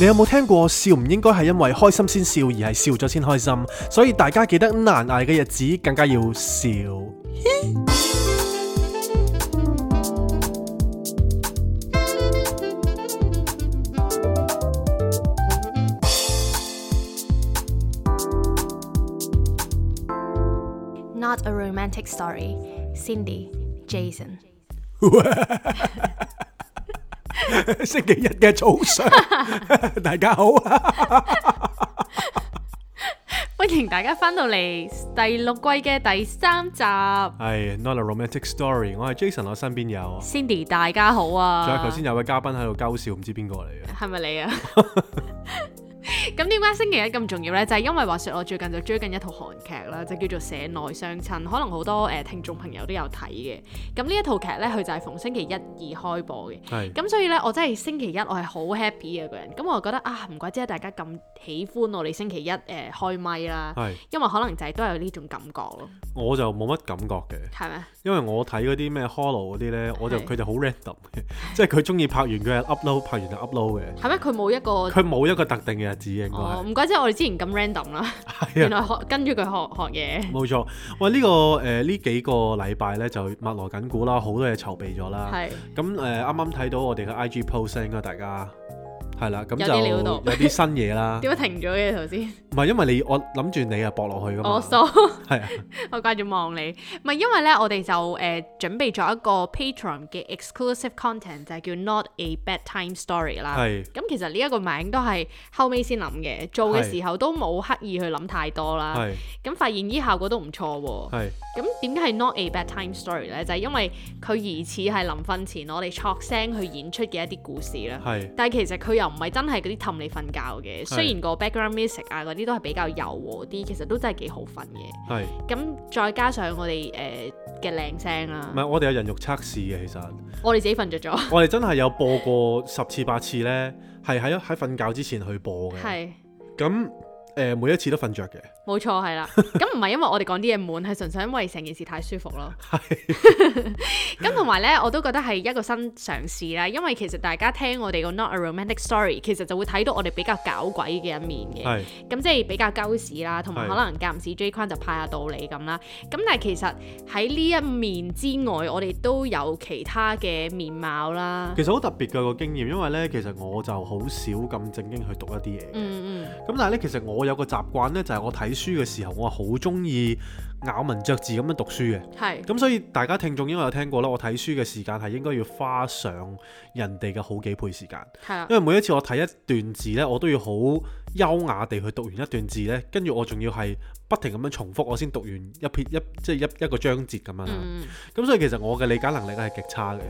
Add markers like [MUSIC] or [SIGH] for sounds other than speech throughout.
你有冇聽過笑唔應該係因為開心先笑，而係笑咗先開心？所以大家記得難捱嘅日子更加要笑。 [LAUGHS] Not a romantic story. Cindy, Jason. [LAUGHS] 星期日嘅早上，大家好啊！歡迎大家翻到嚟第六季嘅第三集。係 Not a romantic story，我係 Jason，我身邊有 Cindy，大家好啊！仲有頭先有位嘉賓喺度鳩笑，唔知邊個嚟嘅？係咪你啊？咁點解星期一咁重要咧？就係因為話說我最近就追緊一套韓劇啦，就叫做《社內相親》，可能好多誒聽眾朋友都有睇嘅。咁呢一套劇咧，佢就係逢星期一二開播嘅。係咁，所以咧我真係星期一我係好 happy 嘅個人。咁我就覺得啊，唔怪之得大家咁喜歡我哋星期一誒開咪啦。係，因為可能就係都有呢種感覺咯。我就冇乜感覺嘅。係咩？因為我睇嗰啲咩《Hello》嗰啲咧，我就佢就好 random 嘅，即係佢中意拍完佢 upload，拍完就 upload 嘅。係咩？佢冇一個，佢冇一個特定嘅。應哦，唔怪之，我哋之前咁 random 啦， [LAUGHS] 原來學 [LAUGHS] 跟住佢學學嘢。冇錯，喂，呢、呢個誒呢、呃、幾個禮拜咧就密鑼緊鼓啦，好多嘢籌備咗啦。係是的，咁誒啱啱睇到我哋嘅 IG post 啦，大家。係啦，咁就有啲料到，有啲新嘢啦。點解停咗嘅頭先？唔係因為你，我諗住你啊搏落去噶嘛。我疏係啊，我掛住望你。唔係因為咧，我哋就誒準備咗一個 Patreon 嘅 exclusive content，就係叫 Not a Bad Time Story 啦。係。咁其實呢一個名都係後尾先諗嘅，做嘅時候都冇刻意去諗太多啦。係。咁發現依效果都唔錯喎。係。咁點解係 Not a Bad Time Story 咧？就係因為佢疑似係臨瞓前我哋撮聲去演出嘅一啲故事啦。係。但係其實佢又。唔係真係嗰啲氹你瞓覺嘅，是雖然個 background music 啊嗰啲都係比較柔和啲，其實都真係幾好瞓嘅。係是，咁再加上我哋誒嘅靚聲啦。唔係，我哋有人肉測試嘅，其實我哋自己瞓着咗。 [LAUGHS] 我哋真係有播過十次八次呢，係喺喺瞓覺之前去播嘅。係是。咁誒、呃，每一次都瞓着嘅。冇錯係啦，咁唔係因為我哋講啲嘢悶，係純 [LAUGHS] 粹因為成件事太舒服咯。係，咁同埋咧，我都覺得係一個新嘗試啦。因為其實大家聽我哋個 Not a Romantic Story，其實就會睇到我哋比較搞鬼嘅一面嘅。係是，咁、嗯嗯、即係比較鳩屎啦，同埋可能隔籬 J 框就派下道理咁啦。咁但係其實喺呢一面之外，我哋都有其他嘅面貌啦。其實好特別嘅、這個經驗，因為咧，其實我就好少咁正經去讀一啲嘢嘅。咁、嗯嗯、但係咧，其實我有個習慣咧，就係、是、我睇書嘅時候，我係好中意。咬文嚼字咁樣讀書嘅，係是，咁所以大家聽眾應該有聽過啦。我睇書嘅時間係應該要花上人哋嘅好幾倍時間，的因為每一次我睇一段字咧，我都要好優雅地去讀完一段字咧，跟住我仲要係不停咁樣重複我先讀完一篇一即係一、就是、一,一,一個章節咁樣。咁、嗯啊、所以其實我嘅理解能力咧係極差嘅，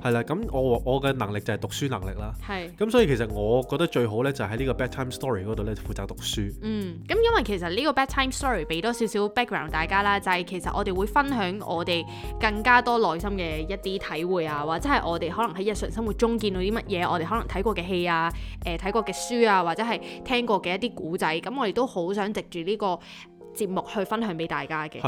係啦是。咁我我嘅能力就係讀書能力啦。係是，咁所以其實我覺得最好咧就喺、是、呢個 Bedtime Story 度咧負責讀書，嗯，咁因為其實呢個 Bedtime Story 俾多少少 background 大家。大家啦，就係其實我哋會分享我哋更加多內心嘅一啲體會啊，或者係我哋可能喺日常生活中見到啲乜嘢，我哋可能睇過嘅戲啊，誒、呃、睇過嘅書啊，或者係聽過嘅一啲古仔，咁我哋都好想藉住呢、這個。節目去分享俾大家嘅，咁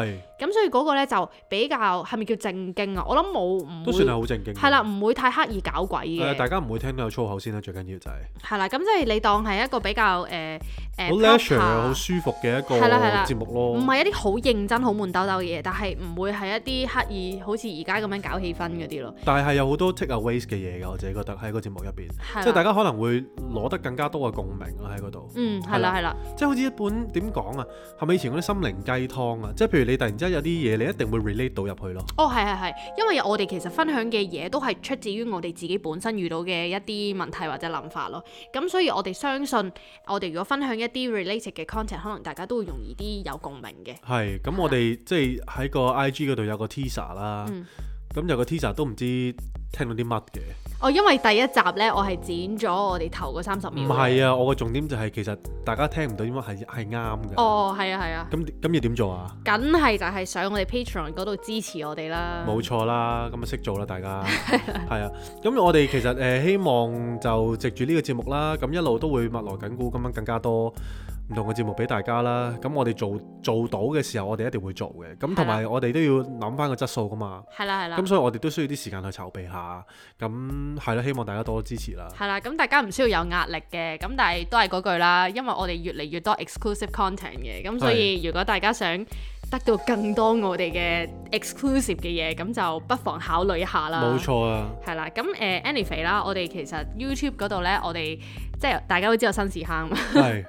所以嗰個咧就比較係咪叫正經啊？我諗冇唔都算係好正經，係啦，唔會太刻意搞鬼嘅。大家唔會聽到有粗口先啦，最緊要就係係啦。咁即係你當係一個比較誒誒好 relax、好舒服嘅一個節目咯。唔係一啲好認真、好悶兜兜嘅嘢，但係唔會係一啲刻意好似而家咁樣搞氣氛嗰啲咯。但係有好多 take away 嘅嘢㗎，我自己覺得喺個節目入邊，即係大家可能會攞得更加多嘅共鳴啦喺嗰度。嗯，係啦，係啦，即係好似一本點講啊？係咪以前？心靈雞湯啊！即係譬如你突然之間有啲嘢，你一定會 relate 到入去咯。哦，係係係，因為我哋其實分享嘅嘢都係出自於我哋自己本身遇到嘅一啲問題或者諗法咯。咁所以我哋相信，我哋如果分享一啲 related 嘅 content，可能大家都會容易啲有共鳴嘅。係。咁我哋即係喺個 IG 度有個 teaser 啦。咁、嗯、有個 teaser 都唔知聽到啲乜嘅。哦，因為第一集呢，我係剪咗我哋頭嗰三十秒。唔係啊，我個重點就係、係、其實大家聽唔到點解係係啱嘅。哦，係啊，係啊。咁咁要點做啊？梗係就係上我哋 Patreon 嗰度支持我哋啦。冇錯啦，咁啊識做啦，大家。係 [LAUGHS] 啊。係啊。咁我哋其實誒、呃、希望就藉住呢個節目啦，咁一路都會密鑼緊鼓，咁樣更加多唔同嘅節目俾大家啦，咁我哋做做到嘅時候，我哋一定會做嘅。咁同埋我哋都要諗翻個質素噶嘛。係啦，係啦。咁所以我哋都需要啲時間去籌備下。咁係咯，希望大家多多支持啦。係啦，咁大家唔需要有壓力嘅。咁但係都係嗰句啦，因為我哋越嚟越多 exclusive content 嘅。咁所以如果大家想得到更多我哋嘅 exclusive 嘅嘢，咁就不妨考慮一下啦。冇錯啊。係啦，咁誒 anyway 啦，呃、anyway，我哋其實 YouTube 嗰度呢，我哋即係大家都知有新視坑啊。係。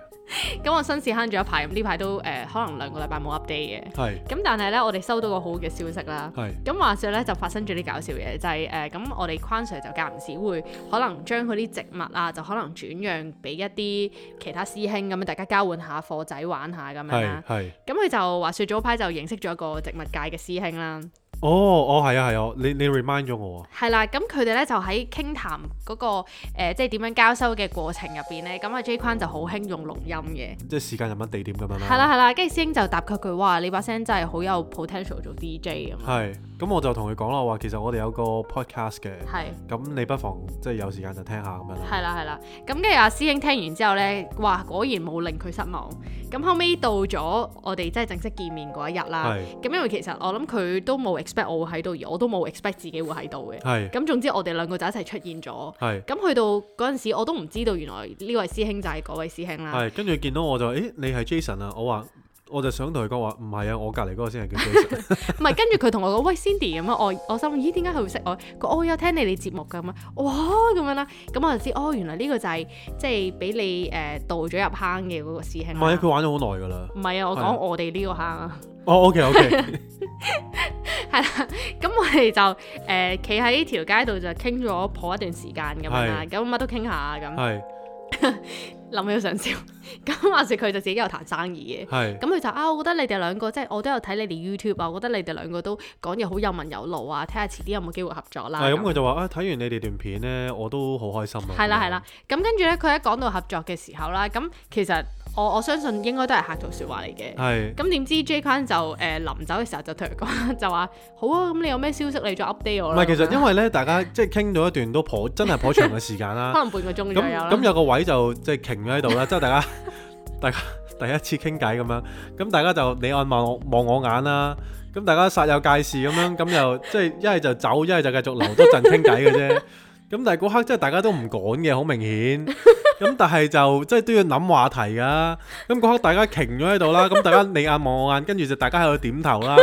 咁 [LAUGHS] 我新市慳咗一排，咁呢排都誒、呃，可能兩個禮拜冇 update 嘅。係是。咁但係咧，我哋收到個好嘅消息啦。係是。咁話說咧，就發生咗啲搞笑嘢，就係、是、誒、咁、呃、我哋框 Sir 就間唔時會可能將佢啲植物啊，就可能轉讓俾一啲其他師兄咁樣，大家交換下貨仔玩下咁樣啦。係是。咁佢就話說早排就認識咗一個植物界嘅師兄啦。哦，哦係啊係啊，你你 remind 咗我啊，係啦、那個，咁佢哋咧就喺傾談嗰個誒，即係點樣交收嘅過程入邊咧，咁、嗯、阿 J 框就好興用錄音嘅，即係時間、人物、地點咁樣啦，係啦係啦，跟住師兄就答佢佢，哇，你把聲真係好有 potential 做 DJ 咁，係，咁我就同佢講啦話，其實我哋有個 podcast 嘅，係是，咁你不妨即係有時間就聽下咁樣，係啦係啦，咁跟住阿師兄聽完之後咧，哇果然冇令佢失望，咁後尾到咗我哋即係正式見面嗰一日啦，係是，咁因為其實我諗佢都冇。expect 我會喺度，而我都冇 expect 自己會喺度嘅。係咁是總之我哋兩個就一齊出現咗，係咁是去到嗰陣時我都唔知道原來呢位師兄就係嗰位師兄啦。係，跟住見到我就誒、欸，你係 Jason 啊？我話。我就想同佢講話，唔係啊，我隔離嗰個先係叫。唔係，跟住佢同我講，喂，Cindy 咁啊，我我心，咦，點解佢會識我？佢哦，有聽你哋節目噶咁啊，哇咁樣啦，咁我就知哦，原來呢個就係、是、即係俾你誒導咗入坑嘅嗰個師兄。唔係啊，佢玩咗好耐噶啦。唔係啊，我講我哋呢個坑啊。啊。哦，OK OK、 [LAUGHS] [LAUGHS] 啊。係啦，咁我哋就誒企喺條街度就傾咗頗一段時間咁啦，咁乜是都傾下咁。係。諗起都想笑，咁話時佢就自己有談生意嘅。係是，咁佢就啊，我覺得你哋兩個即係、就是、我都有睇你哋 YouTube 啊，我覺得你哋兩個都講嘢好有文有路啊，睇下遲啲有冇機會合作啦。係，咁佢就話啊，睇完你哋段片咧，我都好開心啊。係啦係啦，咁跟住咧，佢樣、啊、一講到合作嘅時候啦，咁其實。我我相信應該都係客套説話嚟嘅。係是。咁點知 J 框就誒、呃、臨走嘅時候就同佢講，就話：好啊，咁你有咩消息你再 update 我啦。唔係，其實因為咧， [LAUGHS] 大家即係傾咗一段都頗真係頗長嘅時間啦。 [LAUGHS] 可能半個鐘就有啦。咁有個位就即係停咗喺度啦，即係 [LAUGHS] 大家大家第一次傾偈咁樣，咁大家就你按望我望我眼啦、啊，咁大家煞有介事咁樣，咁又即係一係就走，一係就繼續留多陣傾偈嘅啫。咁 [LAUGHS] 但係嗰刻即係大家都唔趕嘅，好明顯。 [LAUGHS] 咁、嗯、但係就即係都要諗話題㗎！咁、嗯、嗰、那個、刻大家停咗喺度啦，咁大家你眼望我眼，跟住就大家喺度點頭啦，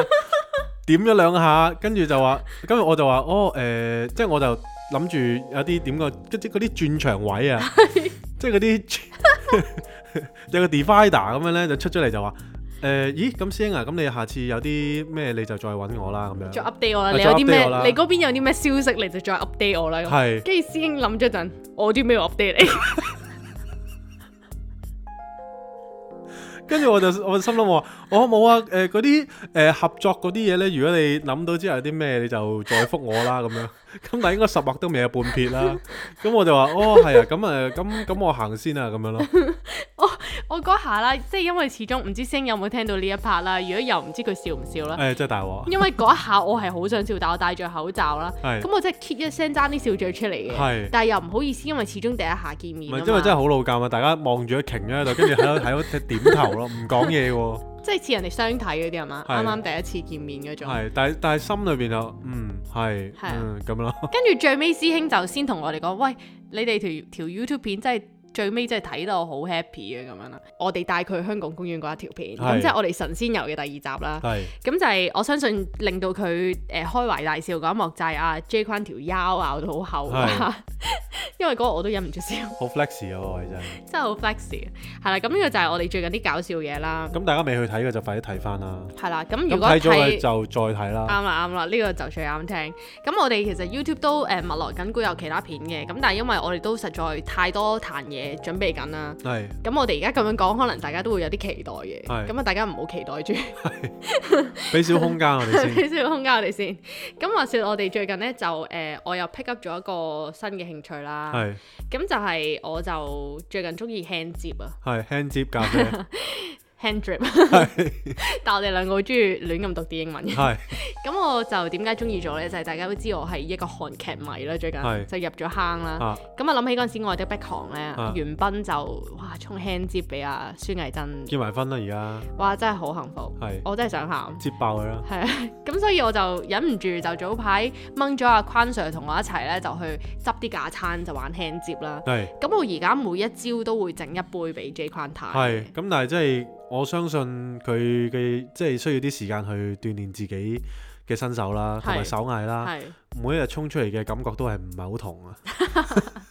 點咗兩下，跟住就話：跟住我就話哦，誒、呃，即係我就諗住有啲點個即係嗰啲轉場位啊，即係嗰啲有個 divider 咁樣咧就出出嚟就話：誒、呃，咦，咁師兄啊，咁你下次有啲咩你就再搵我啦，咁樣。再 update 我啦，嗯、你有啲咩？啊、你嗰邊有啲咩消息，你就再 update 我啦。係的。跟住的師兄諗咗陣，我啲咩 update 你？ [LAUGHS] [LAUGHS] 跟住我就我心諗話，我冇、哦、啊！誒嗰啲誒合作嗰啲嘢咧，如果你諗到之後有啲咩，你就再覆我啦咁樣。咁但係應該十劃都未有半撇啦，咁我就話哦係啊，咁啊咁咁我行先啊咁樣咯。我我嗰下啦，即係因為始終唔知聲有冇聽到呢一拍啦，如果又唔知佢笑唔笑啦。誒，真係大鑊！因為嗰一下我係好想笑，但我戴着口罩啦。係是。咁我即係 keep 一聲爭啲笑嘴出嚟嘅。是但係又唔好意思，因為始終第一下見面。唔係，因為真係好老尷啊！大家望住個 King 咧，就跟住喺度喺度點頭咯，唔講嘢喎。即係似人哋相睇嗰啲係嘛？啱啱係第一次見面嗰種，但係但係心裏邊就嗯係，係咁咯。啊嗯、跟住最尾師兄就先同我哋講，喂，你哋條條 YouTube 片真係。最尾真係睇到好 happy 嘅咁樣啦，我哋帶佢去香港公園嗰一條片，咁是即係我哋神仙遊嘅第二集啦。係是，咁就係我相信令到佢誒、呃、開懷大笑一幕就、啊，就係阿 J 框條腰咬到好厚是 [LAUGHS] 因為嗰個我都忍唔住笑。好 [LAUGHS] flex 啊，嗰位 [LAUGHS] 真係，好 flex。係啦，咁呢個就係我哋最近啲搞笑嘢啦。咁大家未去睇嘅就快啲睇翻啦。係啦，咁如果睇咗就再睇啦。啱啦，啱啦，呢、這個就最啱聽。咁我哋其實 YouTube 都誒密來緊，固、呃、有其他片嘅，咁但係因為我哋都實在太多談嘢。準備緊啦，係是，咁我哋而家咁樣講，可能大家都會有啲期待嘅，係是，咁啊大家唔好期待住，係，俾少空間我哋先，俾少空間我哋先，咁 [LAUGHS] 話說我哋最近咧就誒、呃，我又 pick up 咗一個新嘅興趣啦，係是，咁就係我就最近中意 hand zip 啊，係 han hand drip，是 [LAUGHS] 但我哋兩個好中意亂咁讀啲英文嘅，咁是 [LAUGHS] 我就點解中意咗咧？就係、是、大家都知我係一個韓劇迷啦，最近是就入咗坑啦。咁啊諗、嗯、起嗰陣時我哋的迫降咧，玄彬就哇沖 hand 接俾阿孫藝珍，結埋婚啦而家，哇、啊、真係好幸福，係是我真係想喊，接爆佢啦，係啊。咁所以我就忍唔住就早排掹咗阿 Quan sir 同我一齊咧，就去執啲假餐就玩 hand 接啦。係是，咁我而家每一朝都會整一杯俾 J 寬太，係，咁但係真係。我相信佢嘅即係需要啲時間去鍛鍊自己嘅身手啦，同埋是手藝啦。是每一日衝出嚟嘅感覺都係唔係好同啊！ [LAUGHS] [LAUGHS]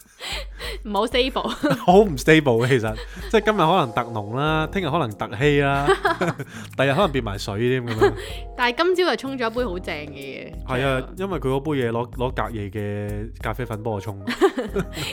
唔好 stable，好唔 stable 其實，即係今日可能特濃啦，聽日可能特稀啦，第日可能變埋水添咁樣。但係今朝就沖咗一杯好正嘅嘢。係啊，因為佢嗰杯嘢攞攞隔夜嘅咖啡粉幫我沖。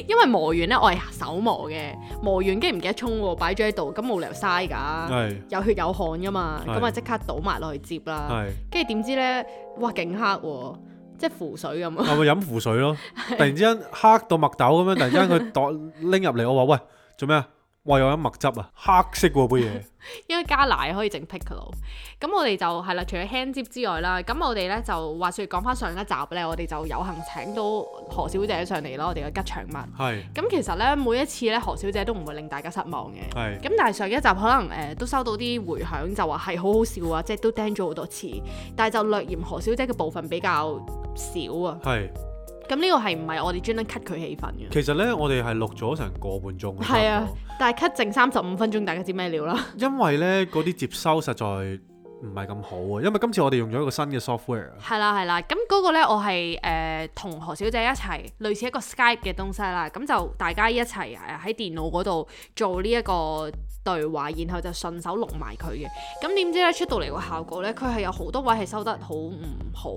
因為磨完咧，我係手磨嘅，磨完跟住唔記得沖，擺咗喺度，咁冇理由嘥噶。係。有血有汗噶嘛，咁啊即刻倒埋落去接啦。係。跟住點知咧，哇，勁黑喎！即係符水咁，係咪飲符水咯？突然之間黑到麥豆咁樣，突然之間佢攞拎入嚟，我話喂，做咩啊？哇！有飲墨汁啊，黑色杯嘢。 [LAUGHS] 因為加奶可以整 piccolo。咁我哋就係啦，除咗 hand drip 之外啦，咁我哋咧就話說講翻，上一集咧，我哋就有幸請到何小姐上嚟，咯，我哋嘅吉祥物。係是。咁其實咧，每一次咧，何小姐都唔會令大家失望嘅。係是。咁但係上一集可能誒、呃，都收到啲回響，就話係好好笑啊，即、就、係、是、都釘咗好多次，但係就略嫌何小姐嘅部分比較少啊。係。咁呢個係唔係我哋專登 cut 佢氣氛嘅？其實呢，我哋係錄咗成個半鐘。係啊，但係 cut 剩三十五分鐘，大家知咩料啦？因為呢嗰啲接收實在唔係咁好啊。因為今次我哋用咗一個新嘅 software。係啦係啦，咁嗰、啊、個呢，我係誒同何小姐一齊，類似一個 Skype 嘅東西啦。咁就大家一齊喺電腦嗰度做呢、這、一個。對話，然後就順手錄埋佢嘅。咁點知咧，出到嚟個效果咧，佢係有好多位係收得好唔好，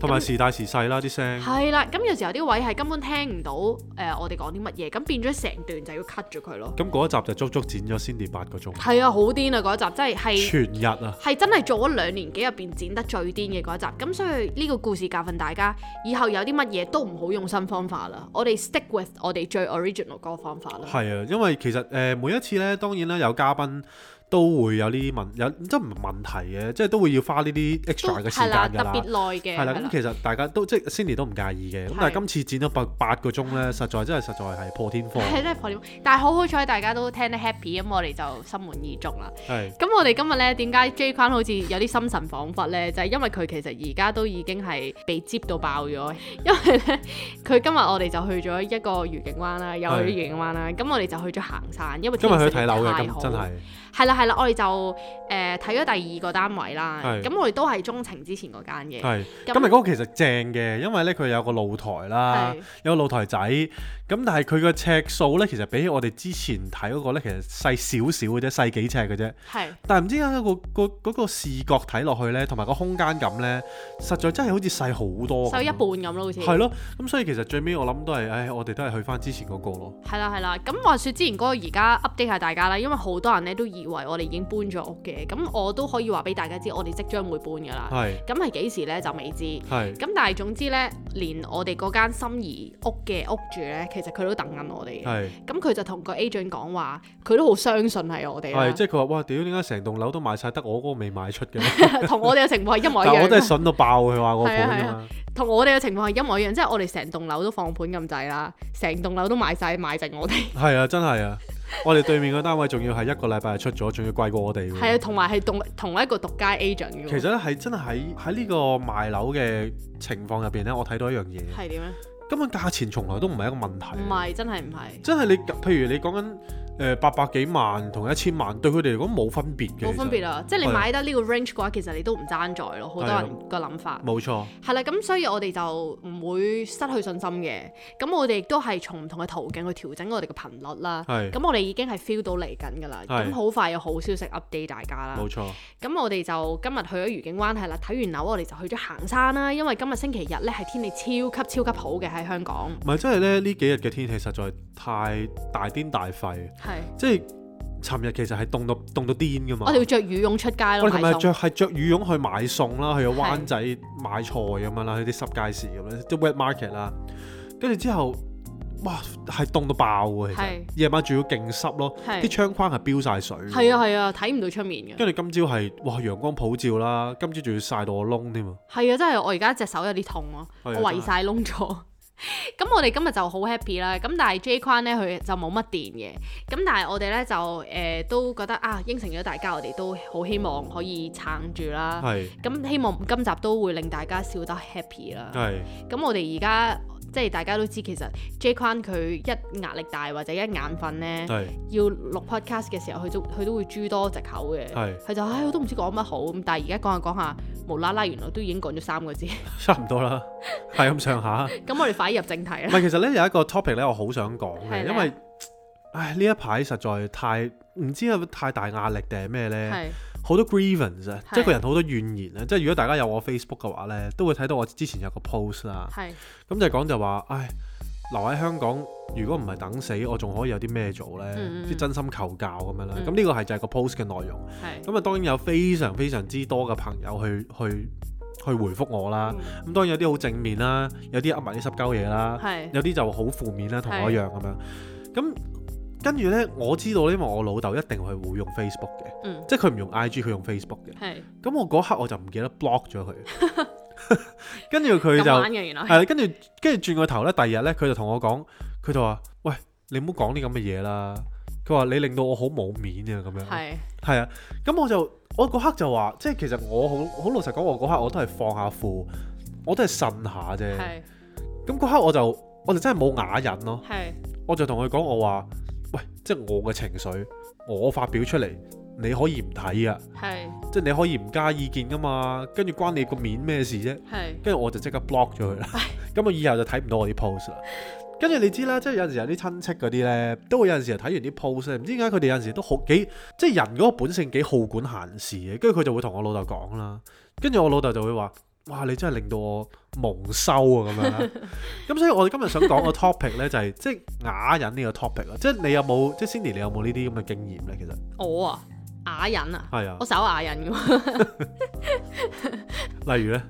同埋時大時細啦啲聲。係啦，咁有時候啲位係根本聽唔到誒、呃，我哋講啲乜嘢，咁變咗成段就要 cut 咗佢咯。咁嗰、嗯、一集就足足剪咗先至八個鐘。係啊，好癲啊嗰一集，真係係全日啊，係真係做咗兩年幾入邊剪得最癲嘅嗰一集。咁所以呢個故事教訓大家，以後有啲乜嘢都唔好用新方法啦，我哋 stick with 我哋最 original 嗰個方法啦。係啊，因為其實誒、呃、每一次咧，當然咧有嘉賓，都會有呢啲問，有即係問題嘅，即係都會要花呢啲 extra 嘅時間㗎啦。都係啦，特別耐嘅。係啦，咁其實大家都即係 Cindy 都唔介意嘅，咁但係今次剪咗八八個鐘咧，實在真係實在係破天荒。係真係破天荒，但係好好彩，大家都聽得 happy，咁我哋就心滿意足啦。係。咁我哋今日咧點解 J 框好似有啲心神恍惚咧？就係因為佢其實而家都已經係被接到爆咗，因為咧佢今日我哋就去咗一個愉景灣啦，又去愉景灣啦，咁我哋就去咗行山，因為今日去睇樓嘅，真係。係啦係啦，我哋就誒睇咗第二個單位啦。咁是我哋都係鍾情之前嗰間嘅。係是，咁誒嗰個其實正嘅，因為咧佢有個露台啦，是有個露台仔。咁但係佢個尺數咧，其實比起我哋之前睇嗰個咧，其實細少少嘅啫，細幾尺嘅啫。係是。但係唔知點解、嗰個、嗰個嗰、嗰個視覺睇落去咧，同埋個空間感咧，實在真係好似細好多。細一半咁咯，好似。係咯。咁所以其實最尾我諗都係，唉，我哋都係去翻之前嗰個咯。係啦係啦，咁話説之前嗰個而家 update 下大家啦，因為好多人咧都，以為我哋已經搬咗屋嘅，咁我都可以話俾大家知，我哋即將會搬噶啦。係咁，係幾時咧就未知。係咁但係總之咧，連我哋嗰間心儀屋嘅屋主咧，其實佢都等緊我哋嘅。係咁佢就同個 agent 講話，佢都好相信係我哋。係即係佢話哇，屌，點解成棟樓都賣晒，得我嗰個未賣出嘅？同我哋嘅情況係一模一樣。但係我真係筍到爆佢話個盤啊嘛，同我哋嘅情況係一模一樣，即係我哋成棟樓都放盤咁滯啦，成棟樓都賣晒，賣剩我哋。係啊，真係啊。 [LAUGHS] 我哋對面個單位仲要係一個禮拜出咗，仲要貴過我哋。係啊，同埋係同同一個獨家 agent 嘅。其實係真係喺喺呢個賣樓嘅情況入邊呢，我睇到一樣嘢。係點咧？根本價錢從來都唔係一個問題。唔係，真係唔係。真係你，譬如你講緊。誒、呃、八百幾萬同一千萬對佢哋嚟講冇分別嘅，冇分別啦、啊，即係你買得呢個 range 嘅、那、話、個，嗯、其實你都唔爭在咯，好多人個諗法。冇、哎、錯，係啦，咁所以我哋就唔會失去信心嘅。咁我哋亦都係從唔同嘅途徑去調整我哋嘅頻率啦。係是，咁我哋已經係 feel 到嚟緊㗎啦。係是，咁好快有好消息 update 大家啦。冇錯。咁我哋就今日去咗愉景灣係啦，睇完樓我哋就去咗行山啦。因為今日星期日咧，係天氣超級超級，超級好嘅喺香港。唔係，真係咧呢幾日嘅天氣實在太大癲大廢。是即係尋日其實係凍到凍到癲噶嘛，我哋要着羽絨出街咯。我尋日著係着羽絨去買餸啦，去灣仔買菜咁樣啦，是去啲濕街市咁樣，啲 wet market 啦。跟住之後，哇，係凍到爆㗎、啊，其實夜是晚仲要勁濕咯，啲是窗框係飆晒水。係啊係啊，睇唔、啊、到出面嘅。跟住今朝係哇，陽光普照啦，今朝仲要晒到我窿添啊。係啊，真係我而家隻手有啲痛啊，我圍曬窿咗。 [LAUGHS] 咁我哋今日就好 happy 啦，咁但係 J 框呢，佢就冇乜電嘅，咁但係我哋呢，就誒、呃、都覺得啊，應承咗大家，我哋都好希望可以撐住啦，咁是希望今集都會令大家笑得 happy 啦，咁是我哋而家。即係大家都知，其實 J 框佢一壓力大或者一眼瞓咧，要錄 podcast 嘅時候，佢都佢都會諸多藉口嘅。係佢就唉，我都唔知講乜好。咁但係而家講下講下，無啦啦，原來都已經講咗三個字，差唔多啦，係咁上下。咁我哋快啲入正題啦。唔係，其實咧有一個 topic 咧，我好想講嘅，因為唉呢一排實在太唔知係太大壓力定係咩咧。好多 grievance 啊是，即係個人好多怨言啊。即係如果大家有我 Facebook 嘅話呢，都會睇到我之前有個 post 啦。咁是、嗯、就講就話，唉，留喺香港，如果唔係等死，我仲可以有啲咩做呢？即、嗯、真心求教咁樣啦。咁呢、嗯、個係就係個 post 嘅內容。係、嗯。咁啊，當然有非常非常之多嘅朋友去去去回覆我啦。咁、嗯、當然有啲好正面啦，有啲噏埋啲濕鳩嘢啦。嗯、有啲就好負面啦，同我一樣咁樣是。咁跟住呢，我知道，因為我老豆一定係會用 Facebook 嘅，嗯、即係佢唔用 I G，佢用 Facebook 嘅。咁是，我嗰刻我就唔記得 block 咗佢。跟住佢就係跟住跟住轉個頭呢，第二日呢，佢就同我講，佢就話：喂，你唔好講啲咁嘅嘢啦。佢話你令到我好冇面啊，咁樣係係是啊。咁我就我嗰刻就話，即係其實我好好老實講，我嗰刻我都係放下褲，我都係呻下啫。係咁嗰刻我就我就真係冇啞忍咯。是是我就同佢講，我話。喂，即係我嘅情緒，我發表出嚟，你可以唔睇啊，是即係你可以唔加意見噶嘛，跟住關你個面咩事啫，跟住是我就即刻 block 咗佢啦，咁我唉以後就睇唔到我啲 post 啦，跟住你知啦，即係有陣時有啲親戚嗰啲咧，都會有陣時睇完啲 post 咧，唔知點解佢哋有陣時都好幾，即係人嗰個本性幾好管閒事嘅，跟住佢就會同我老豆講啦，跟住我老豆就會話。哇！你真係令到我蒙羞啊咁樣，咁 [LAUGHS] 所以我哋今日想講個 topic 呢，就係、是、即係啞忍呢個 topic 啦。即係你有冇即係 Sindy 你有冇呢啲咁嘅經驗呢？其實我啊，啞忍啊，係啊，我手啞忍嘅喎。 [LAUGHS] [LAUGHS] 例如呢？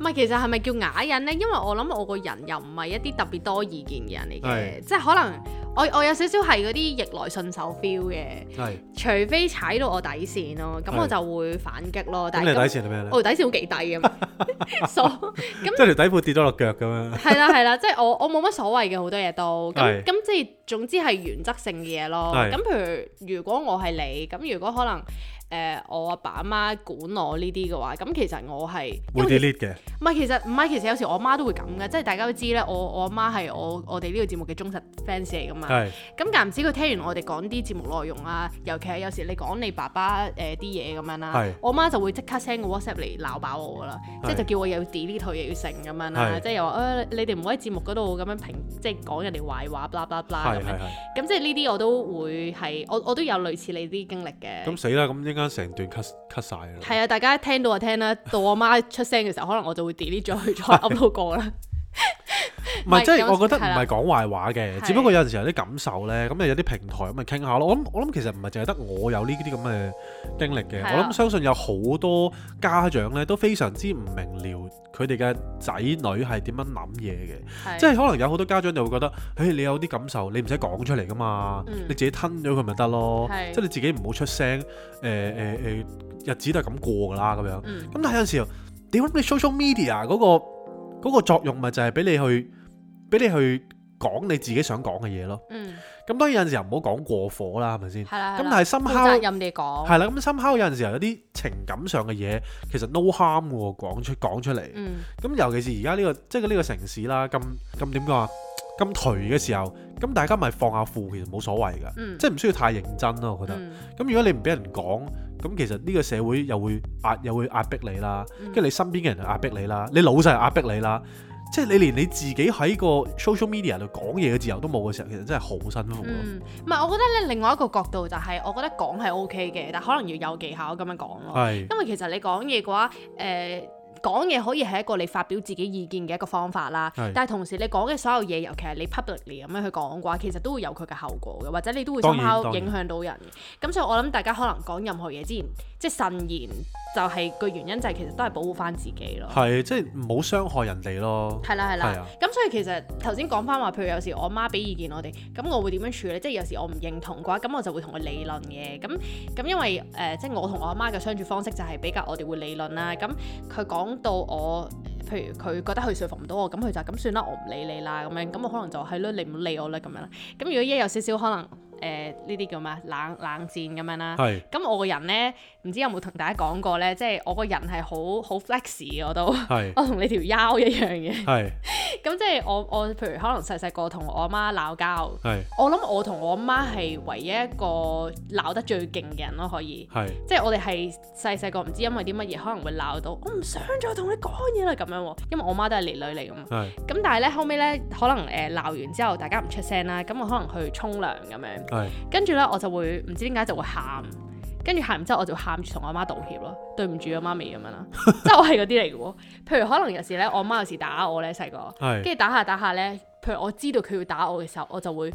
唔係，其實係咪叫啞忍咧？因為我諗我個人又唔係一啲特別多意見嘅人嚟嘅，即係可能我我有少少係嗰啲逆來順手 feel 嘅，除非踩到我底線咯，咁我就會反擊咯。但係你底線係咩咧？我底線好幾低㗎嘛，咁即係條底褲跌咗落腳咁樣。係啦係啦，即係我我冇乜所謂嘅好多嘢都。咁咁即係總之係原則性嘅嘢咯。咁譬如如果我係你咁，如果可能。誒、呃，我阿爸阿媽管我呢啲嘅話，咁其實我係會 delete 嘅。唔係其實唔係會 delete 其，其實有時我媽，媽都會咁嘅，即係大家都知咧，我我阿媽係我我哋呢個節目嘅忠實 fans 嚟噶嘛。係是的、嗯。咁間唔時佢聽完我哋講啲節目內容啊，尤其係有時你講你爸爸誒啲嘢咁樣啦，呃啊、是的 我媽，媽就會即刻 send 個 WhatsApp 嚟鬧爆我噶啦，是的 即係就叫我又要 delete 佢、啊，又要成咁、呃、樣啦，即係又話誒你哋唔可以喺節目嗰度咁樣評，即係講人哋壞話，blah blah blah 咁即係呢啲我都會係我我，我都有類似你啲經歷嘅。咁死啦，咁、嗯嗯嗯嗯嗯嗯嗯嗯啱成段 cut cut 曬啦，係啊！大家聽到就聽啦，到我媽出聲嘅時候， [LAUGHS] 可能我就會 delete 咗佢，再 u 噏到過啦。 [LAUGHS] 唔係，即係我覺得唔係講壞話嘅，的只不過有陣時有啲感受呢，咁咪的有啲平台咁咪傾下咯。我諗我諗其實唔係淨係得我有呢啲咁嘅經歷嘅。的我諗相信有好多家長呢都非常之唔明瞭佢哋嘅仔女係點樣諗嘢嘅。的即係可能有好多家長就會覺得，誒、欸、你有啲感受，你唔使講出嚟噶嘛，嗯、你自己吞咗佢咪得咯。的即係你自己唔好出聲，誒誒誒，日子都係咁過噶啦咁樣。咁、嗯、但係有陣時候點解你 social media 嗰個作用咪就係俾你去？俾你去講你自己想講嘅嘢咯，咁、嗯、當然有陣時唔好講過火啦，係咪先？係啦的。咁但係深烤，任你講係啦。咁深烤有陣時候有啲情感上嘅嘢，其實 no harm 嘅，講出講出嚟。咁、嗯、尤其是而家呢個即係呢個城市啦，咁咁點講啊？咁頹嘅時候，咁大家咪放下負，其實冇所謂噶，即係唔需要太認真咯。我覺得咁、嗯、如果你唔俾人講，咁其實呢個社會又會壓，又會壓迫你啦。跟住、嗯、你身邊嘅人又壓迫你啦，你老細又壓迫你啦。你即係你連你自己喺個 social media 度講嘢嘅自由都冇嘅時候，其實真係好辛苦咯、嗯。唔係，我覺得咧另外一個角度就係、是，我覺得講係 OK 嘅，但可能要有技巧咁樣講咯。是因為其實你講嘢嘅話，誒、呃，講嘢可以係一個你發表自己意見嘅一個方法啦。是但係同時你講嘅所有嘢，尤其係你 publicly 咁樣去講嘅話，其實都會有佢嘅後果嘅，或者你都會參考影響到人。咁所以，我諗大家可能講任何嘢之前。即係慎言、就是，就係個原因，就係其實都係保護翻自己咯。係，即係唔好傷害人哋咯。係啦，係啦。咁所以其實頭先講翻話，譬如有時我媽俾意見我哋，咁我會點樣處理？即係有時我唔認同嘅話，咁我就會同佢理論嘅。咁咁因為誒、呃，即係我同我媽嘅相處方式就係比較我哋會理論啦。咁佢講到我，譬如佢覺得佢説服唔到我，咁佢就話咁算啦，我唔理你啦咁樣。咁我可能就係啦，你唔理我啦咁樣啦。咁如果一有少少可能。誒，呢啲叫咩，冷冷戰咁樣啦、啊。係是。咁、嗯、我個人咧，唔知有冇同大家講過咧？即、就、係、是、我個人係好好 flex 嘅我都。係是。我同你條腰一樣嘅。係。咁即係我我，我譬如可能細細個同我阿媽鬧交，是我諗我同我阿媽係唯一一個鬧得最勁嘅人咯，可以，是即係我哋係細細個唔知因為啲乜嘢，可能會鬧到我唔想再同你講嘢啦咁樣，因為我媽都係烈女嚟噶嘛，咁是但係咧後尾咧可能誒鬧完之後大家唔出聲啦，咁我可能去沖涼咁樣，是跟住咧我就會唔知點解就會喊。跟住喊完之後，我就喊住同我媽道歉咯，對唔住啊媽咪咁樣啦，即係我係嗰啲嚟嘅喎。譬如可能有時咧，我媽有時打我咧，細個，跟住是打下打下咧，譬如我知道佢要打我嘅時候，我就會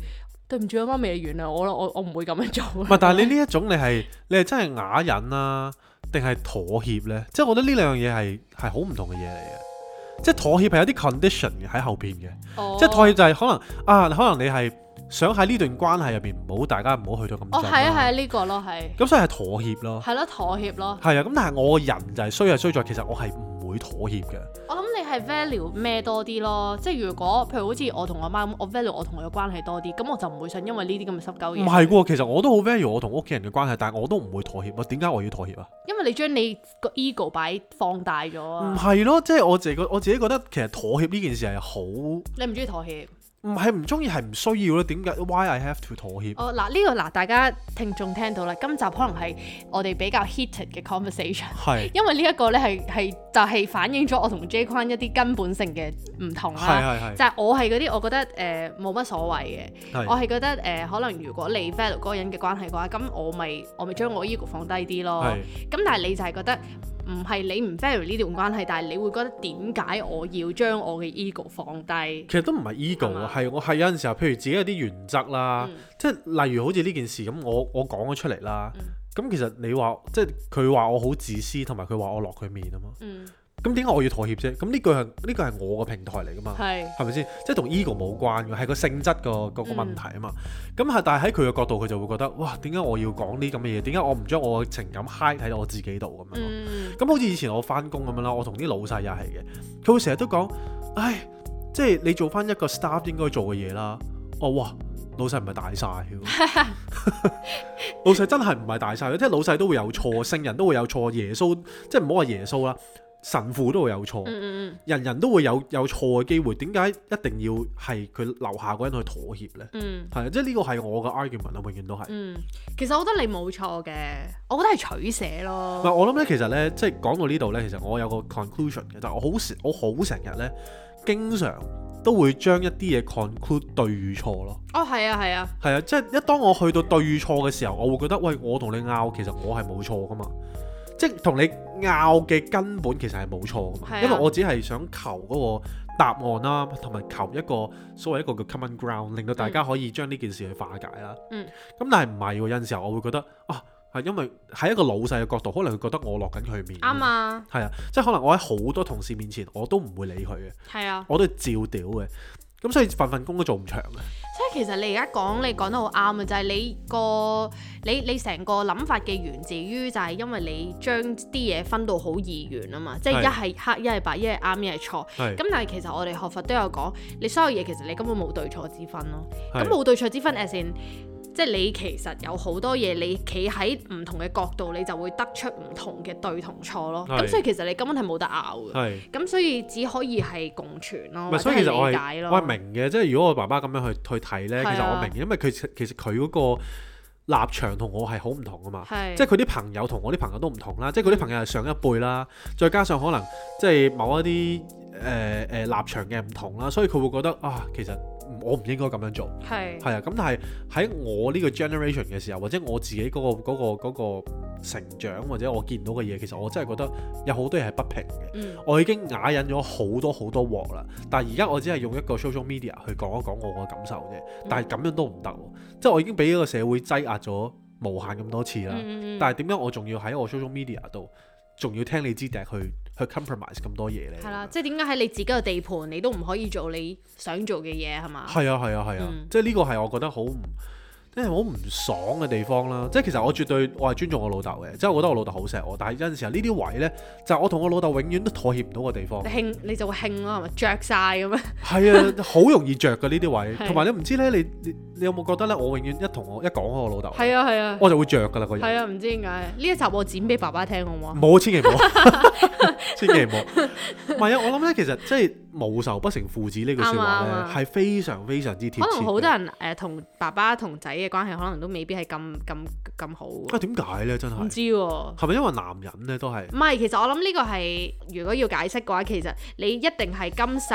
對唔住啊媽咪，原諒我咯，我我唔會咁樣做。但係你呢一種你係 [LAUGHS] 你係真係啞忍啊，定係妥協呢？即係我覺得呢兩樣嘢係係好唔同嘅嘢嚟嘅。即係妥協係有啲 condition 喺後邊嘅，oh. 即係妥協就係可能啊，可能你係。想喺呢段關係入邊唔好，大家唔好去到咁。哦，係啊，係啊，呢個咯，係。咁所以係妥協咯。係咯，妥協咯。係啊，咁但係我個人就係衰係衰在，其實我係唔會妥協嘅。我諗你係 value 咩多啲咯？即係如果譬如好似我同我媽咁，我 value 我同佢嘅關係多啲，咁我就唔會想因為呢啲咁嘅濕鳩嘢。唔係喎，其實我都好 value 我同屋企人嘅關係，但係我都唔會妥協。我點解我要妥協啊？因為你將你個 ego 擺放大咗啊！唔係咯，即係我自己，我自己覺得其實妥協呢件事係好。你唔中意妥協？唔係唔中意，係唔需要咧。點解？Why I have to 妥協？哦，嗱，呢個嗱，大家聽眾聽到啦。今集可能係我哋比較 heated 嘅 conversation，是因為呢一個咧係係就係、是、反映咗我同 J 框一啲根本性嘅唔同啦。係係係。就係我係嗰啲，我覺得誒冇乜所謂嘅。是我係覺得誒、呃，可能如果你 value 嗰個人嘅關係嘅話，咁我咪我咪將我 ego 放低啲咯。係是。咁但係你就係覺得。唔係你唔 fair 呢段關係，但係你會覺得點解我要將我嘅 ego 放低？其實都唔係 ego 啊吧，係我係有陣時候，譬如自己有啲原則啦，嗯、即係例如好似呢件事咁，我我講咗出嚟啦，咁、嗯、其實你話即係佢話我好自私，同埋佢話我落佢面啊嘛。嗯咁點解我要妥協啫？咁呢句係呢個係我個平台嚟噶嘛？係是，係咪先？即係同 ego 冇關嘅，係個性質個個問題啊嘛。咁係、嗯，但係喺佢嘅角度，佢就會覺得哇，點解我要講啲咁嘅嘢？點解我唔將我嘅情感 high 喺我自己度咁樣？咁、嗯、好似以前我翻工咁樣啦，我同啲老細又係嘅，佢會成日都講，唉，即係你做翻一個 staff 應該做嘅嘢啦。哦，哇，老細唔係大晒， [LAUGHS] [LAUGHS] 老細真係唔係大晒。即係老細都會有錯，聖人都會有錯，耶穌即係唔好話耶穌啦。神父都會有錯，嗯嗯，人人都會有有錯嘅機會。點解一定要係佢留下嗰人去妥協咧？係啊、嗯，即係呢個係我嘅 argument 啊，永遠都係。嗯，其實我覺得你冇錯嘅，我覺得係取捨咯。唔係我諗咧，其實咧，即係講到呢度咧，其實我有個 conclusion 嘅，就係我好成我好成日咧，經常都會將一啲嘢 conclude 對與錯咯。哦，係啊，係啊，係啊，即係一當我去到對與錯嘅時候，我會覺得喂，我同你拗，其實我係冇錯噶嘛，即係同你。拗嘅根本其實係冇錯嘅嘛，啊、因為我只係想求嗰個答案啦、啊，同埋求一個所謂一個叫 common ground，令到大家可以將呢件事去化解啦、啊。咁、嗯、但係唔係喎，有陣時候我會覺得啊，係因為喺一個老細嘅角度，可能佢覺得我落緊佢面。啱啊吧，係啊，即係可能我喺好多同事面前我都唔會理佢嘅，係啊，我都係、啊、照屌嘅。咁所以份份工都做唔長嘅。所以其實你而家講你講得好啱啊，就係、是、你個你你成個諗法嘅源自於就係因為你將啲嘢分到好二元啊嘛，即、就、係、是、一係黑一係是的 白，一係啱一係錯。咁是的 但係其實我哋學佛都有講，你所有嘢其實你根本冇對錯之分咯。咁冇是的 對錯之分 A Sin 即係你其實有好多嘢，你企喺唔同嘅角度，你就會得出唔同嘅對同錯咯。咁是的 所以其實你根本係冇得拗嘅。咁是的 所以只可以係共存咯。唔係不，所以其實我我係明嘅。即係如果我爸爸咁樣去去睇咧，其實我明，因為佢其實佢嗰個立場我同我係好唔同噶嘛。是的 即係佢啲朋友同我啲朋友都唔同啦。是的 即係佢啲朋友係上一輩啦，嗯、再加上可能即係某一啲誒誒立場嘅唔同啦，所以佢會覺得啊，其實。我唔應該咁樣做，係係啊，咁但係喺我呢個 generation 嘅時候，或者我自己嗰、嗰個嗰、嗰個嗰個成長，或者我見到嘅嘢，其實我真係覺得有好多嘢係不平嘅。嗯、我已經啞忍咗好多好多禍啦，但係而家我只係用一個 social media 去講一講我個感受啫。但係咁樣都唔得，即係、嗯、我已經俾一個社會擠壓咗無限咁多次啦。嗯、但係點解我仲要喺我 social media 度，仲要聽你支笛去去 compromise 咁多嘢咧？係啦，即係點解喺你自己嘅地盤，你都唔可以做你想做嘅嘢，係嘛？係啊，係啊，係啊，嗯、即係呢個係我覺得好唔～即係好唔爽嘅地方啦，即係其實我絕對我係尊重我老豆嘅，即係我覺得我老豆好錫我，但係有陣時呢啲位呢，就係、我同我老豆永遠都妥協唔到嘅地方你。你興你就會興咯，咪著曬咁樣？係啊，好容易着嘅呢啲位，同埋 [LAUGHS] 你唔知呢，你你，你有冇覺得呢？我永遠一同我一講我老豆，係啊係啊，啊我就會着噶啦個樣。係啊，唔知點解呢一集我剪俾爸爸聽好唔好？冇，千祈唔好， [LAUGHS] [LAUGHS] 千祈唔好。唔係啊，我諗呢其實即、就、係、是。無仇不成父子呢句說話咧，係非常非常之貼切。可能好多人誒同、呃、爸爸同仔嘅關係，可能都未必係咁咁咁好。啊，點解咧？真係唔知喎、啊。係咪因為男人咧都係？唔係，其實我諗呢個係如果要解釋嘅話，其實你一定係今世，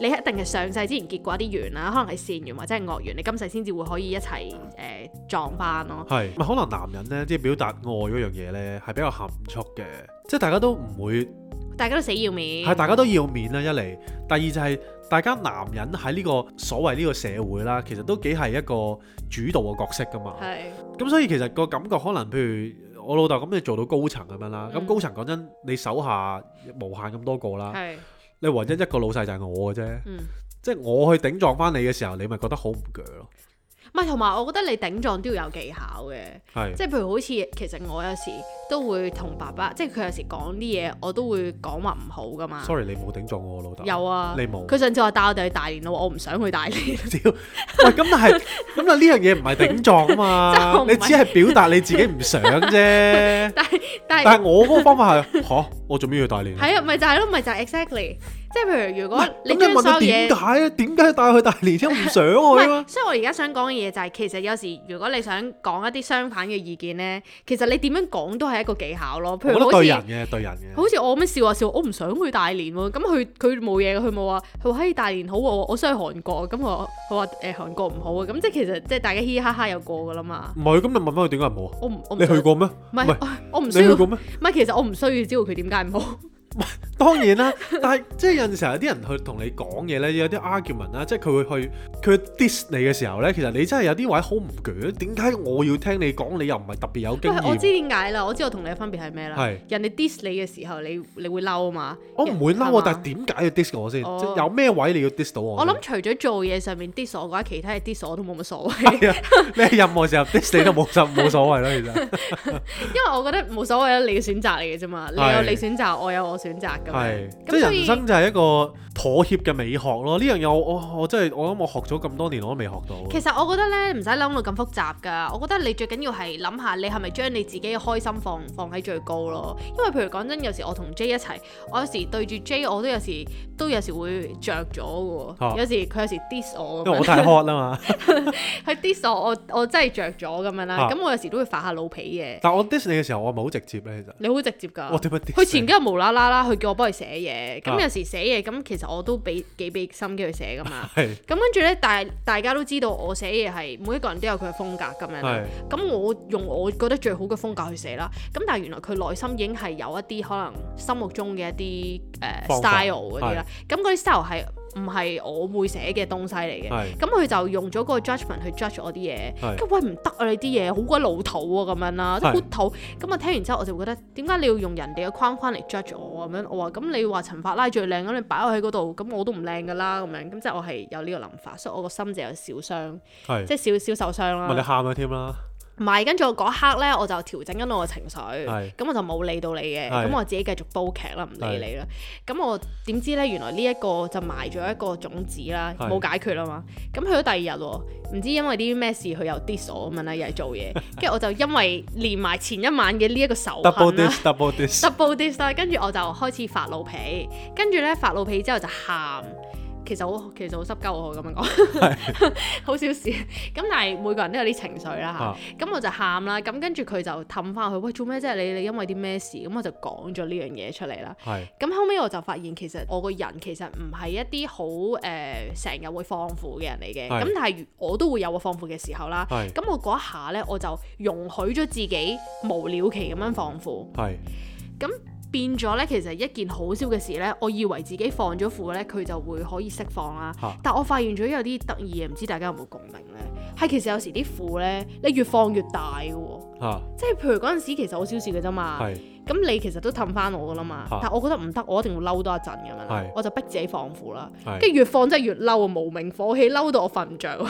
你一定係上世之前結過一啲緣啦，可能係善緣或者係惡緣，你今世先至會可以一齊誒、呃、撞翻咯。係可能男人咧，即係表達愛嗰樣嘢咧，係比較含蓄嘅，即係大家都唔會。大家都死要面，係大家都要面啦。 [NOISE] 一嚟，第二就係大家男人喺呢個所謂呢個社會啦，其實都幾係一個主導嘅角色噶嘛。咁是，所以其實個感覺可能，譬如我老豆咁你做到高層咁樣啦。咁、嗯、高層講真，你手下無限咁多個啦，是你唯一一個老細就係我嘅啫。即係、嗯、我去頂撞翻你嘅時候，你咪覺得好唔鋸咯。咪同埋，我覺得你頂撞都要有技巧嘅，即係譬如好似其實我有時都會同爸爸，即係佢有時講啲嘢，我都會講話唔好㗎嘛。Sorry，你冇頂撞我老豆。有啊，你冇。佢上次話帶我哋去大連咯，我唔想去大連。喂，咁但係咁啊，呢樣嘢唔係頂撞啊嘛，你只係表達你自己唔想啫。但係但係我嗰個方法係嚇，我做咩要去大連？係啊，咪就係咯，咪就係 exactly。即係譬如，如果你將所有嘢，點解咧？點解帶去大連都唔想去啊？所以，我而家想講嘅嘢就係，其實有時如果你想講一啲相反嘅意見咧，其實你點樣講都係一個技巧咯。譬如，我覺得對人嘅對人嘅。好似我咁樣笑吓笑，我唔想去大連喎。咁佢佢冇嘢嘅，佢冇話。佢話，哎，大連好喎，我想去韓國啊。咁我佢話，誒，韓國唔好啊。咁即係其實即係大家嘻嘻哈哈又過噶啦嘛。唔係，咁你問翻佢點解唔好啊？我唔，你去過咩？唔係，我唔需要。你去過咩？唔係，其實我唔需要知道佢點解唔好。唔 [LAUGHS] 當然啦、啊，但係即係有陣時候有啲人去同你講嘢咧，有啲 argument 啦、啊，即係佢會去佢 diss 你嘅時候咧，其實你真係有啲位好唔鋸，點解我要聽你講？你又唔係特別有經驗。喂，我知點解啦，我知道同你嘅分別係咩啦。是人哋 diss 你嘅時候你，你你會嬲啊嘛？我唔會嬲啊，吧但係點解要 diss 我先？我有咩位你要 diss 到我，我？我諗除咗做嘢上面 diss 我嘅話，其他嘅 diss 我都冇乜所謂 [LAUGHS] 、啊。你係任何時候 diss 你都冇冇所謂啦，其實。 [LAUGHS] 因為我覺得冇所謂啊。你嘅選擇嚟嘅啫嘛，你有你選擇，我有我選擇。選擇咁樣，即係人生就係一個妥協嘅美學咯。呢樣嘢我我真係我諗我學咗咁多年我都未學到。其實我覺得咧，唔使諗到咁複雜噶，我覺得你最緊要係諗下你係咪將你自己嘅開心放放喺最高咯。因為譬如講真，有時我同 J 一齊，我有時對住 J 我都有時都有時會着咗嘅，有時佢有時 dis 我，因為我太 hot o 嘛，佢 dis 我我我真係着咗咁樣啦。咁我有時都會發下老脾嘅。但我 dis 你嘅時候我唔係好直接咧，其實你好直接噶，我點樣，佢前幾日無啦啦。佢叫我幫佢寫嘢，咁、啊、有時寫嘢咁，其實我都俾幾俾心機去寫噶嘛。咁是跟住咧，但大家都知道我寫嘢係每一個人都有佢嘅風格咁樣。咁是我用我覺得最好嘅風格去寫啦。咁但係原來佢內心已經係有一啲可能心目中嘅一啲誒、呃、法 style 嗰啲啦。咁嗰啲 style 係唔係我會寫嘅東西嚟嘅，咁佢是就用咗個 judgment 去 judge 我啲嘢，咁是喂唔得啊！你啲嘢好鬼老土啊，咁樣啦、啊，都好土。咁我是聽完之後，我就覺得點解你要用人哋嘅框框嚟 judge 我咁樣？我話咁你話陳法拉最靚，咁你擺我喺嗰度，咁我都唔靚噶啦，咁樣。咁即係我係有呢個諗法，所以我個心就有小傷，即係是小小受傷、啊、啦。咪你喊咗添啦！埋係，跟住嗰刻咧，我就調整緊我嘅情緒，咁是我就冇理到你嘅，咁是我自己繼續煲劇啦，唔理你啦。咁是我點知咧？原來呢一個就埋咗一個種子啦，冇解決啦嘛。咁是去到第二日喎，唔知因為啲咩事佢又 dis 我咁樣啦，又係做嘢。跟住 [LAUGHS] 我就因為連埋前一晚嘅呢一個仇恨，double dish，double dish，double dish 啦跟住我就開始發老脾，跟住咧發老脾之後就喊。其實好，其實是 [LAUGHS] 好濕鳩我咁樣講，好少事。咁但係每個人都有啲情緒啦，嚇、啊。咁、嗯、我就喊啦，咁跟住佢就氹翻我，喂，做咩啫？你你因為啲咩事？咁、嗯、我就講咗呢樣嘢出嚟啦。咁是、嗯、後尾我就發現，其實我個人其實唔係一啲好誒成日會放負嘅人嚟嘅。咁是、嗯、但係我都會有個放負嘅時候啦。咁是、嗯、我嗰一下呢，我就容許咗自己無了期咁樣放負。咁是。嗯嗯嗯嗯。變咗咧，其實一件好少嘅事咧，我以為自己放咗負咧，佢就會可以釋放啦、啊。啊、但我發現咗有啲得意嘅，唔知大家有冇共鳴咧？係其實有時啲負咧，你越放越大嘅、哦、喎，啊、即係譬如嗰陣時其實好少事嘅啫嘛。咁是你其實都氹翻我噶啦嘛，啊、但我覺得唔得，我一定要嬲多一陣咁樣，是我就逼自己放負啦。跟住是越放真係越嬲，無名火氣嬲到我瞓唔着。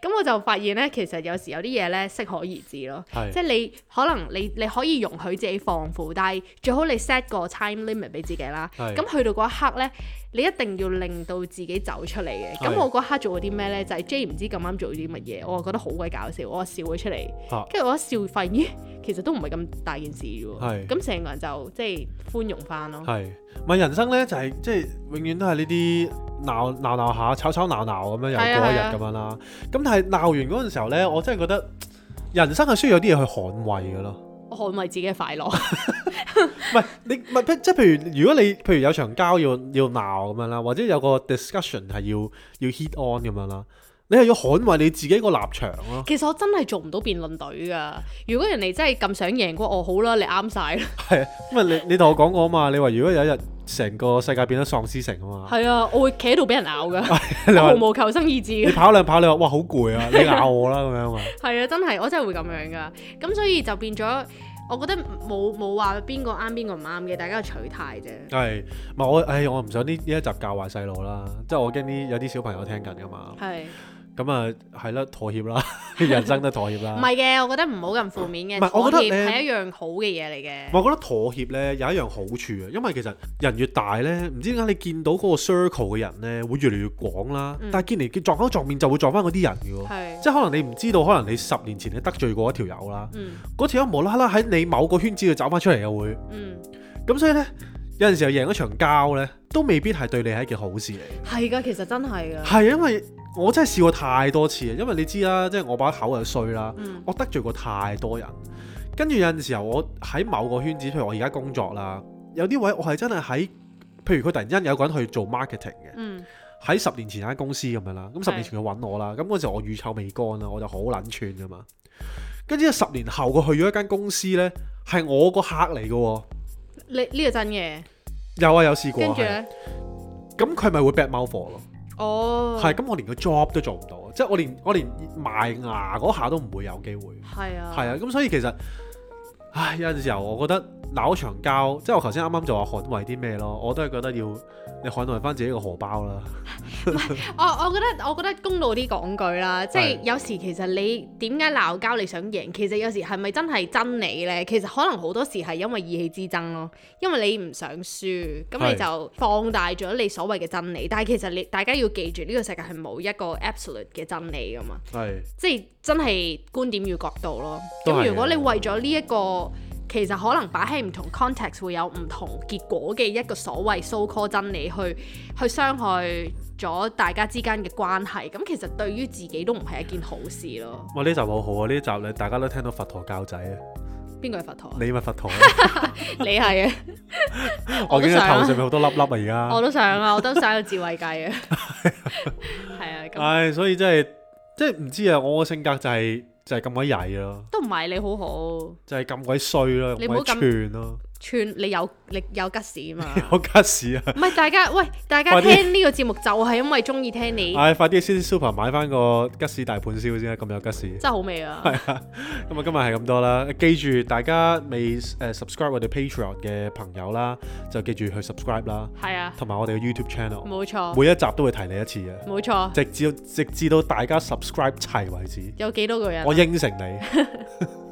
咁我就發現咧，其實有時有啲嘢咧適可而止咯，是即係你可能你你可以容許自己放負，但係最好你 set 個 time limit 俾自己啦。咁是、嗯、去到嗰一刻咧，你一定要令到自己走出嚟嘅。咁是我嗰刻做咗啲咩咧？就係、是、J 唔知咁啱做咗啲乜嘢，我就覺得好鬼搞笑，我笑咗出嚟，跟住、啊、我一笑，發現咦、其實都唔係咁大件事喎。咁成是、嗯、個人就即係寬容翻咯。係，咪人生咧就係、是、即係永遠都係呢啲。鬧鬧鬧下，吵吵鬧鬧咁樣又過一日咁樣啦。咁但係鬧完嗰陣時候呢，嗯、我真係覺得人生係需要有啲嘢去捍衛嘅咯。我捍衛自己嘅快樂 [LAUGHS] [LAUGHS] 。唔係你唔係即係譬如，如果你譬如有場交要要鬧咁樣啦，或者有個 discussion 係要要 hit on 咁樣啦，你係要捍衛你自己個立場咯、啊。其實我真係做唔到辯論隊噶。如果人哋真係咁想贏過嘅話，我好啦，你啱晒啦。係，因為你你同我講過啊嘛，你話如果有一日。成個世界變咗喪屍城啊嘛！係啊，我會企喺度俾人咬噶， [LAUGHS] 你說毫無求生意志。你跑兩跑，你話哇好攰啊！ [LAUGHS] 你咬我啦咁樣啊嘛！係啊，真係我真係會咁樣噶。咁所以就變咗，我覺得冇冇話邊個啱，邊個唔啱嘅，大家取態啫。係，唔係我唉，我唔想呢呢一集教壞細路啦。即係我驚啲有啲小朋友聽緊噶嘛。係。咁啊，係啦、嗯，妥協啦，人生都妥協啦。唔係嘅，我覺得唔好咁負面嘅妥協 我覺得係一樣好嘅嘢嚟嘅。我覺得妥協咧有一樣好處啊，因為其實人越大咧，唔知點解你見到嗰個 circle 嘅人咧會越嚟越廣啦。嗯、但係見嚟見撞口撞面就會撞翻嗰啲人嘅喎。是即係可能你唔知道，哦、可能你十年前你得罪過一條友啦。嗯。嗰條友無啦啦喺你某個圈子度走翻出嚟又會。嗯。咁所以咧有陣時候贏一場交咧都未必係對你係一件好事嚟。係㗎，其實真係㗎。係因為。我真係試過太多次啊，因為你知啦，即係我把口又衰啦，嗯、我得罪過太多人。跟住有陣時候，我喺某個圈子，譬如我而家工作啦，有啲位我係真係喺，譬如佢突然間有個人去做 marketing 嘅，喺、嗯、十年前間公司咁樣啦。咁十年前佢揾我啦，咁嗰是時我乳臭未乾啦，我就好撚串㗎嘛。跟住十年後佢去咗一間公司呢，係我個客嚟㗎喎。你呢個真嘅？有啊，有試過。跟住咁佢咪會 bad mouth 咯？哦，係咁、oh. 我連個 job 都做唔到，即係我連我連埋牙嗰下都唔會有機會，係啊，係啊，咁所以其實，唉，有陣時候我覺得。鬧場交，即係我頭先啱啱就話捍衛啲咩咯，我都係覺得要你捍衛翻自己個荷包啦。唔係，我我覺得我覺得公道啲講句啦，是即係有時其實你點解鬧交你想贏，其實有時係咪真係真理呢？其實可能好多時係因為意氣之爭咯，因為你唔想輸，咁你就放大咗你所謂嘅真理。是但係其實你大家要記住，呢個世界係冇一個 absolute 嘅真理噶嘛，是即係真係觀點與角度咯。咁是如果你為咗呢一個其實可能擺喺唔同 context 會有唔同結果嘅一個所謂 so called 真理去，去去傷害咗大家之間嘅關係。咁其實對於自己都唔係一件好事咯。哇！呢集好好啊！呢集咧大家都聽到佛陀教仔啊。邊個係佛陀？你咪佛陀，你係啊。我見個頭上面好多粒粒啊，啊！而家我都想啊，我都想有智慧計啊。係啊。咁。唉，所以真係，真係唔知啊。我個性格就係。就係咁鬼曳咯，都唔係你好好，就係咁鬼衰咯，咁鬼串咯。串你有你有吉士啊嘛， [LAUGHS] 有吉士啊！唔係大家喂，大家聽呢個節目就係因為中意聽你。 [LAUGHS] 哎、快啲先 Super 買翻個吉士大盤燒先啦。咁有吉士，真係好味啊！係啊，咁啊今日係咁多啦。記住，大家未 subscribe 我哋 Patreon 嘅朋友啦，就記住去 subscribe 啦。係啊。同埋我哋嘅 YouTube channel。冇錯錯。每一集都會提你一次啊。冇錯錯。直至直至到大家 subscribe 齊為止。有幾多個人、啊？我應承你。 [LAUGHS]